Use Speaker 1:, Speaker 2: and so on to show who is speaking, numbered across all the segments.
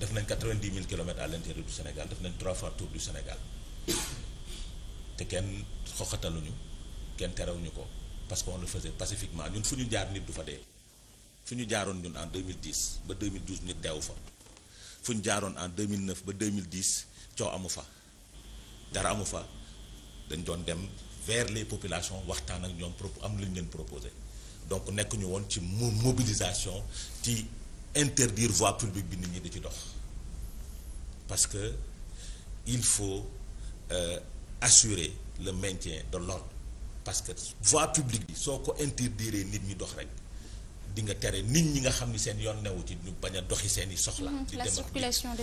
Speaker 1: def nañ quatre vingt dix mille kilomètres à l' intérieur du Sénégal def nañ trois fois tour du Sénégal te kenn xoxataluñu kenn terewuñu ko parce que on le faisait pacifiquement ñun fu ñu jaar nit du fa dee fu ñu jaaroon ñun en 2010 ba 2012 nit deewu fa fu ñu jaaroon en 2009 ba 2010 coow amu fa dara amu fa dañ doon dem vers les populations waxtaan ak ñoom pro am leen proposé donc nekkuñu ñu woon ci mobilisation ci. interdire voie publique bi nit ñi di ci dox parce que il faut euh, assurer le maintien de l'ordre parce que voie publique bi soo ko interdire nit ñi dox rek di nga tere nit ñi nga xam ni seen yoon newu ci ñu bañ a doxi seen i soxla. Mm-hmm. di dem la circulation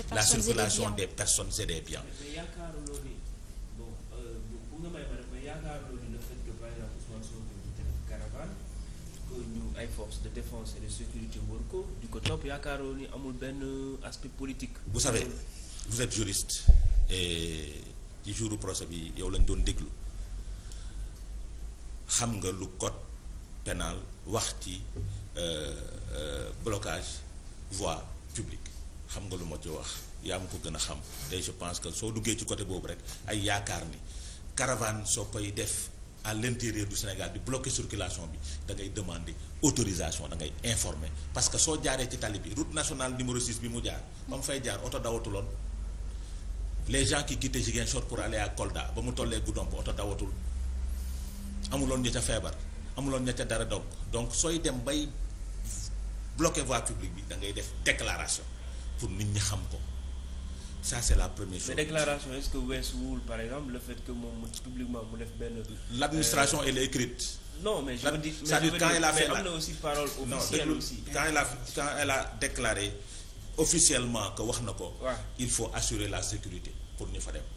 Speaker 1: des personnes et des biens
Speaker 2: des euh, personnes ay forces de défense et de sécurité ko di ko topp yaakaaroo ni amul benn aspect politique. bu savez
Speaker 1: vous êtes juriste ci jouru procès bi yow lañ doon déglu xam nga lu code pénal wax ci euh, euh, blocage voie publique xam nga lu ma ci wax yaa ma ko gën a xam te je pense que soo duggee ci côté boobu rek ay yaakaar ni caravane soo koy def. à l'intérieur du Sénégal bi bloquer circulation bi da ngay demander autorisation da ngay informer parce que soo jaaree ci tali bi route nationale numéro 6 bi mu jaar ba mu fay jaar oto dawatuloon les gens qui quittent Ziguinchor pour aller ak Kolda ba mu tollee Goudomp oto dawatul amuloon ña ca feebar amuloon ña ca dara donc donc sooy dem bay bloquer voie publique bi da ngay def déclaration pour nit ñi xam ko ça c' est la première chose. mais déclaration
Speaker 2: est ce que weesuwul par exemple le fait que moom mu publiquement mu def benn. Euh, l' administration elle est écrite. non mais je veux dire mais je veux dire mais am na aussi parole officielle aussi. quand
Speaker 1: elle a quand elle a déclaré officiellement que wax na ko. il faut assurer la sécurité pour ñu fa dem.